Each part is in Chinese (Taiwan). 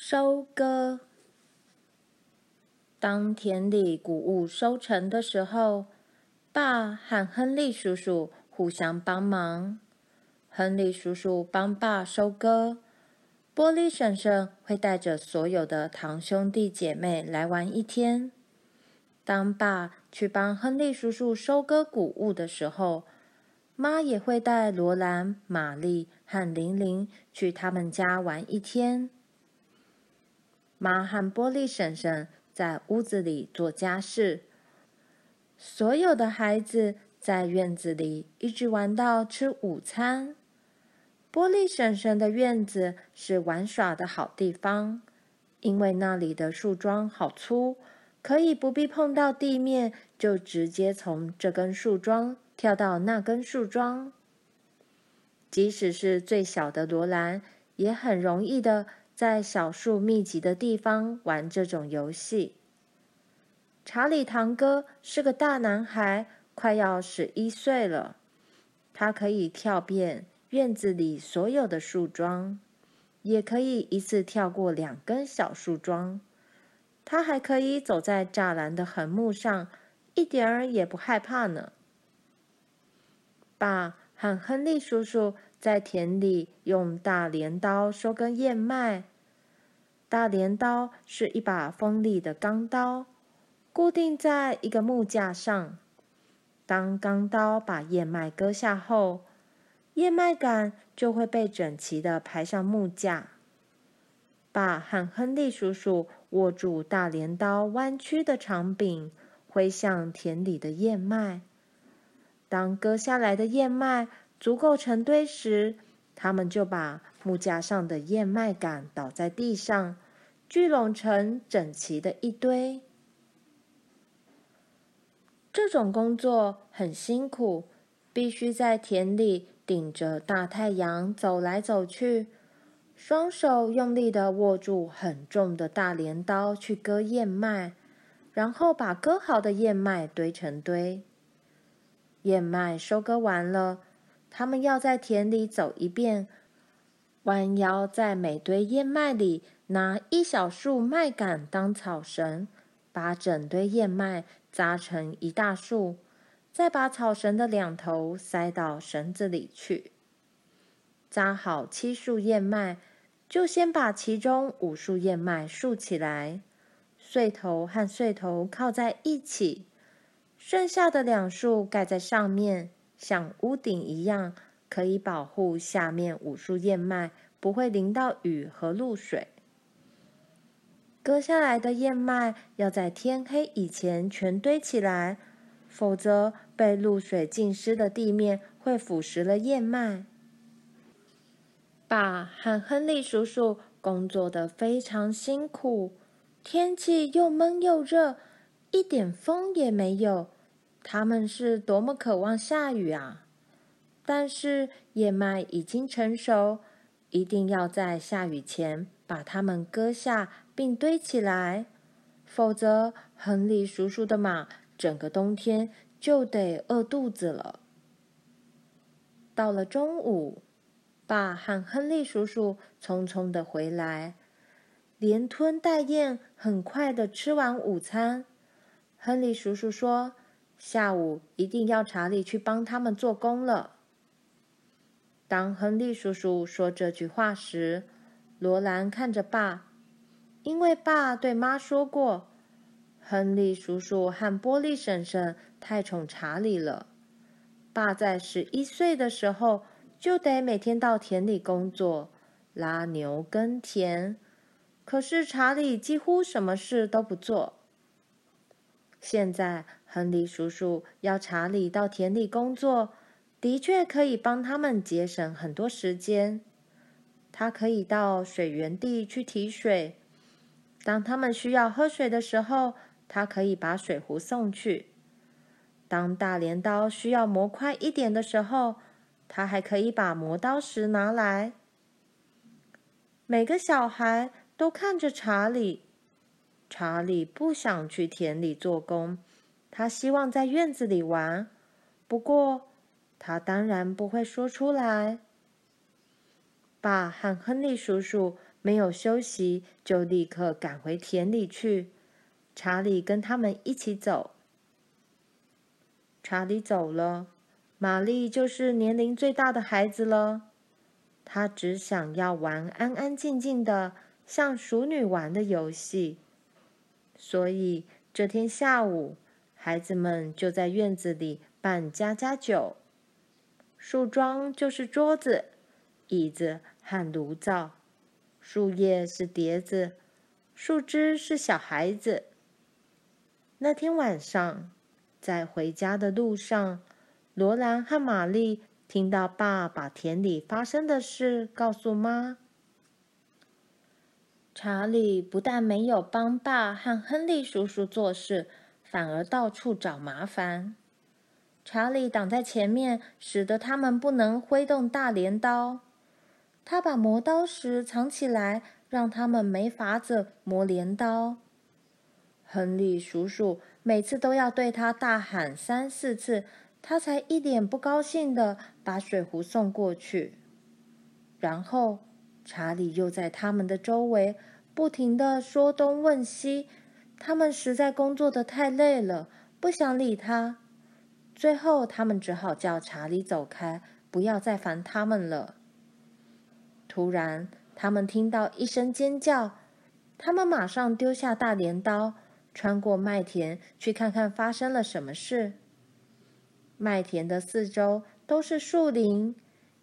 收割。當田裡穀物收成的時候，爸和亨利叔叔互相幫忙。亨利叔叔幫爸收割。波莉嬸嬸會帶着所有的堂兄弟姐妹來玩一天。當爸去幫亨利叔叔收割穀物的時候，媽也會帶羅蘭、瑪麗和琳琳去他們家玩一天。媽和波利嬸嬸在屋子裡做家事。所有的孩子在院子裡一直玩到吃午餐。波利嬸嬸的院子是玩耍的好地方，因為那裡的樹樁好粗，可以不必碰到地面，就直接從這根樹樁跳到那根樹樁。即使是最小的羅蘭，也很容易的。在小樹密集的地方玩這種遊戲。查理堂哥是個大男孩，快要十一歲了。他可以跳遍院子裡所有的樹樁，也可以一次跳過兩根小樹樁。他還可以走在柵欄的橫木上，一點兒也不害怕呢。爸和亨利叔叔，在田裡用大鐮刀收割燕麥。大鐮刀是一把鋒利的鋼刀，固定在一個木架上。當鋼刀把燕麥割下後，燕麥稈就會被整齊地排上木架。爸和亨利叔叔握住大鐮刀彎曲的長柄，揮向田裡的燕麥。當割下來的燕麥。足夠成堆時，他們就把木架上的燕麥稈倒在地上，聚攏成整齊的一堆。這種工作很辛苦，必須在田裡頂着大太陽走來走去，雙手用力地握住很重的大鐮刀去割燕麥，然後把割好的燕麥堆成堆。燕麥收割完了。他們要在田裡走一遍，彎腰在每堆燕麥裡拿一小束麥稈當草繩，把整堆燕麥紮成一大束，再把草繩的兩頭塞到繩子裡去。紮好七束燕麥，就先把其中五束燕麥豎起來，穗頭和穗頭靠在一起，剩下的兩束蓋在上面。像屋頂一樣，可以保護下面五束燕麥不會淋到雨和露水。割下來的燕麥要在天黑以前全堆起來，否則被露水浸濕的地面會腐蝕了燕麥。爸和亨利叔叔工作得非常辛苦，天氣又悶又熱，一點風也沒有。他們是多麼渴望下雨啊！但是燕麥已經成熟，一定要在下雨前把它們割下並堆起來，否則亨利叔叔的馬整個冬天就得餓肚子了。到了中午，爸和亨利叔叔匆匆的回來，連吞帶嚥，很快的吃完午餐。亨利叔叔說。下午一定要查理去幫他們做工了。當亨利叔叔說這句話時，羅蘭看着爸，因為爸對媽說過，亨利叔叔和波利嬸嬸太寵查理了。爸在十一歲的時候就得每天到田裡工作，拉牛耕田，可是查理幾乎什麼事都不做。現在，亨利叔叔要查理到田裡工作，的確可以幫他們節省很多時間。他可以到水源地去提水。當他們需要喝水的時候，他可以把水壺送去。當大鐮刀需要磨快一點的時候，他還可以把磨刀石拿來。每個小孩都看着查理。查理不想去田裡做工，他希望在院子裡玩。不過，他當然不會說出來。爸和亨利叔叔沒有休息，就立刻趕回田裡去。查理跟他們一起走。查理走了，瑪麗就是年齡最大的孩子了。他只想要玩安安靜靜的，像淑女玩的遊戲。所以這天下午，孩子們就在院子裡辦家家酒。樹樁就是桌子、椅子和爐灶，樹葉是碟子，樹枝是小孩子。那天晚上，在回家的路上，羅蘭和瑪麗聽到爸把田裡發生的事告訴媽。查理不但沒有幫爸和亨利叔叔做事，反而到處找麻煩。查理擋在前面，使得他們不能揮動大鐮刀。他把磨刀石藏起來，讓他們沒法子磨鐮刀。亨利叔叔每次都要對他大喊三四次，他才一臉不高興地把水壺送過去，然後。查理又在他們的周圍不停地說東問西，他們實在工作得太累了，不想理他。最後，他們只好叫查理走開，不要再煩他們了。突然，他們聽到一聲尖叫，他們馬上丟下大鐮刀，穿過麥田去看看發生了什麼事。麥田的四周都是樹林。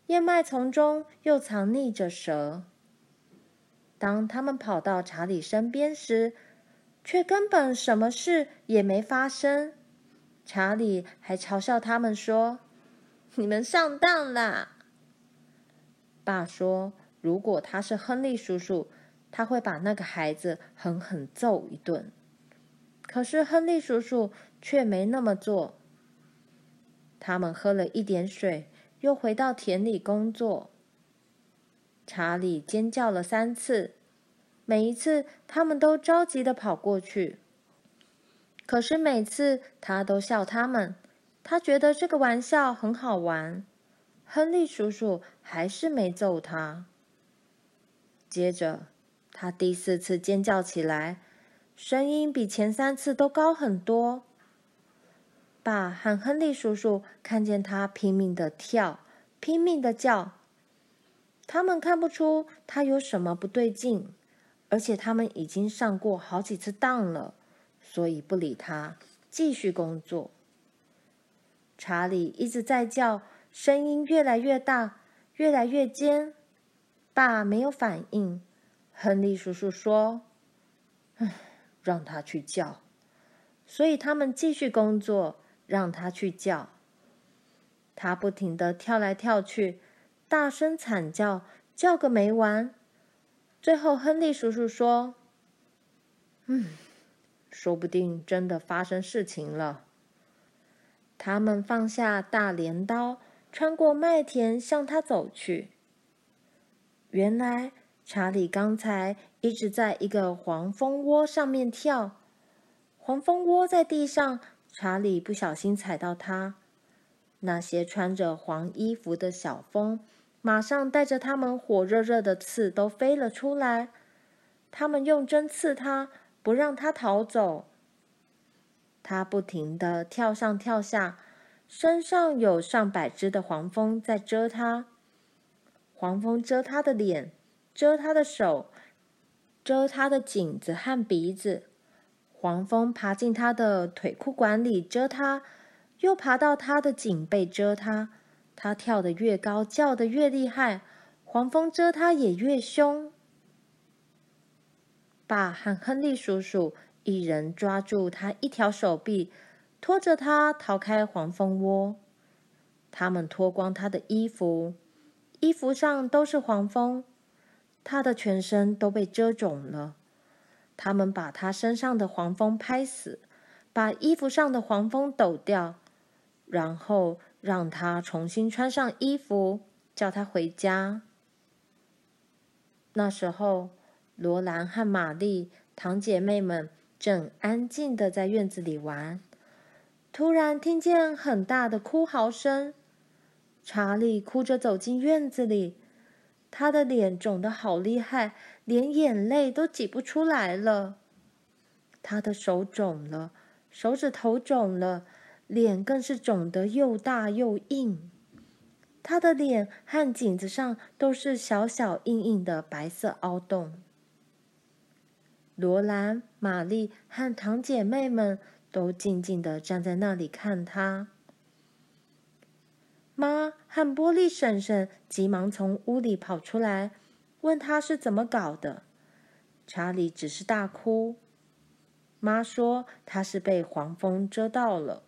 燕麥叢中又藏匿着蛇。當他們跑到查理身邊時，卻根本什麼事也沒發生。查理還嘲笑他們說：“你們上當啦！”爸說：“如果他是亨利叔叔，他會把那個孩子狠狠揍一頓。”可是亨利叔叔卻沒那麼做。他們喝了一點水。又回到田裡工作。查理尖叫了三次，每一次他們都着急的跑過去。可是每次他都笑他們，他覺得這個玩笑很好玩。亨利叔叔還是沒揍他。接着，他第四次尖叫起來，聲音比前三次都高很多。爸和亨利叔叔看見他拼命的跳，拼命的叫，他們看不出他有什麼不對勁，而且他們已經上過好幾次當了，所以不理他，繼續工作。查理一直在叫，聲音越來越大，越來越尖。爸沒有反應，亨利叔叔說：“唉，讓他去叫。”所以他們繼續工作。讓他去叫。他不停地跳來跳去，大聲慘叫，叫個沒完。最後，亨利叔叔說：“嗯，說不定真的發生事情了。”他們放下大鐮刀，穿過麥田向他走去。原來，查理剛才一直在一個黃蜂窩上面跳，黃蜂窩在地上。查理不小心踩到它，那些穿着黃衣服的小蜂馬上帶着它們火熱熱的刺都飛了出來。它們用針刺他，不讓他逃走。他不停的跳上跳下，身上有上百隻的黃蜂在蟄他。黃蜂蟄他的臉，蟄他的手，蟄他的頸子和鼻子。黃蜂爬進他的腿褲管裡蟄他，又爬到他的頸背蟄他。他跳得越高，叫得越厲害，黃蜂蟄他也越凶。爸和亨利叔叔一人抓住他一條手臂，拖着他逃開黃蜂窩。他們脫光他的衣服，衣服上都是黃蜂，他的全身都被蟄腫了。他們把他身上的黃蜂拍死，把衣服上的黃蜂抖掉，然後讓他重新穿上衣服，叫他回家。那時候，羅蘭和瑪麗堂姐妹們正安靜地在院子裡玩，突然聽見很大的哭嚎聲。查理哭着走進院子裡，他的臉腫得好厲害。連眼淚都擠不出來了，他的手腫了，手指頭腫了，臉更是腫得又大又硬。他的臉和頸子上都是小小硬硬的白色凹洞。羅蘭、瑪麗和堂姐妹們都靜靜地站在那裡看他。媽和波莉嬸嬸急忙從屋裡跑出來。問他是怎麼搞的，查理只是大哭。媽說他是被黃蜂蟄到了。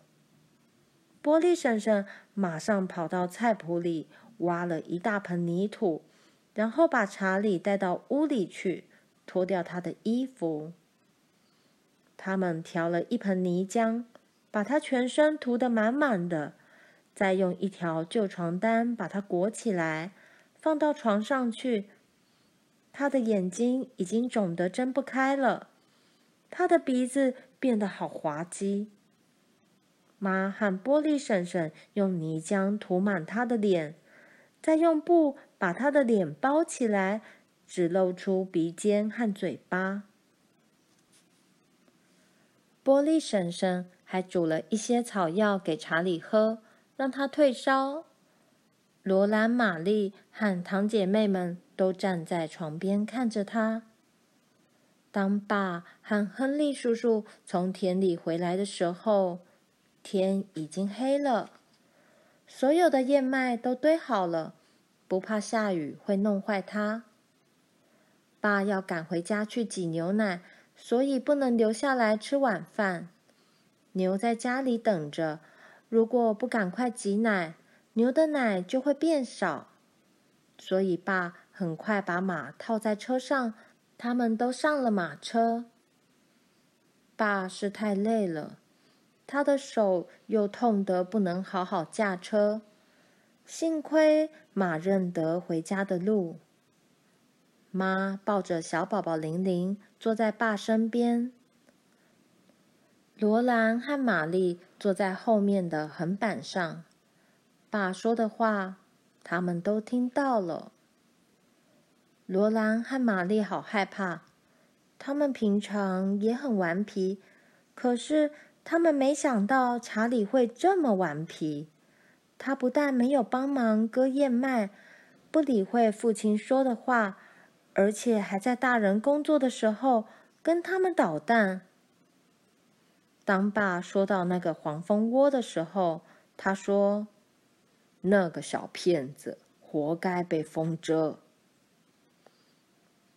波莉嬸嬸馬上跑到菜圃裡挖了一大盆泥土，然後把查理帶到屋裡去，脫掉他的衣服。他們調了一盆泥漿，把他全身塗得滿滿的，再用一條舊床單把他裹起來，放到床上去。他的眼睛已經腫得睜不開了，他的鼻子變得好滑稽。媽和波麗嬸嬸用泥漿塗滿他的臉，再用布把他的臉包起來，只露出鼻尖和嘴巴。波麗嬸嬸還煮了一些草藥給查理喝，讓他退燒。羅蘭、瑪麗和堂姐妹們都站在床邊看着他。當爸和亨利叔叔從田裡回來的時候，天已經黑了。所有的燕麥都堆好了，不怕下雨會弄壞它。爸要趕回家去擠牛奶，所以不能留下來吃晚飯。牛在家裡等着，如果不趕快擠奶，牛的奶就會變少，所以爸很快把馬套在車上，他們都上了馬車。爸是太累了，他的手又痛得不能好好駕車。幸虧馬認得回家的路。媽抱着小寶寶玲玲坐在爸身邊。羅蘭和瑪麗坐在後面的橫板上。爸說的話，他們都聽到了。羅蘭和瑪麗好害怕。他們平常也很頑皮，可是他們沒想到查理會這麼頑皮。他不但沒有幫忙割燕麥，不理會父親說的話，而且還在大人工作的時候跟他們搗蛋。當爸說到那個黃蜂窩的時候，他說，那個小騙子活該被蜂蜇。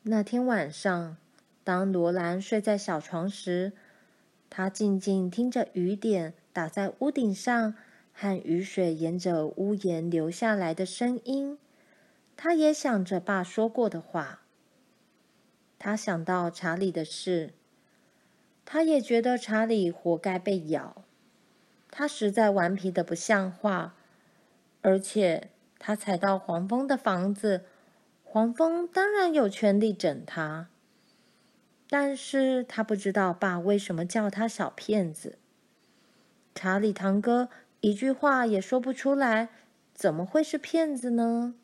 那天晚上，當羅蘭睡在小床時，他靜靜聽着雨點打在屋頂上，和雨水沿着屋檐流下來的聲音。他也想着爸說過的話。他想到查理的事，他也覺得查理活該被咬。他實在頑皮的不像話。而且他踩到黃蜂的房子，黃蜂當然有權利整他。但是他不知道爸為什麼叫他小騙子。查理堂哥一句話也說不出來，怎麼會是騙子呢？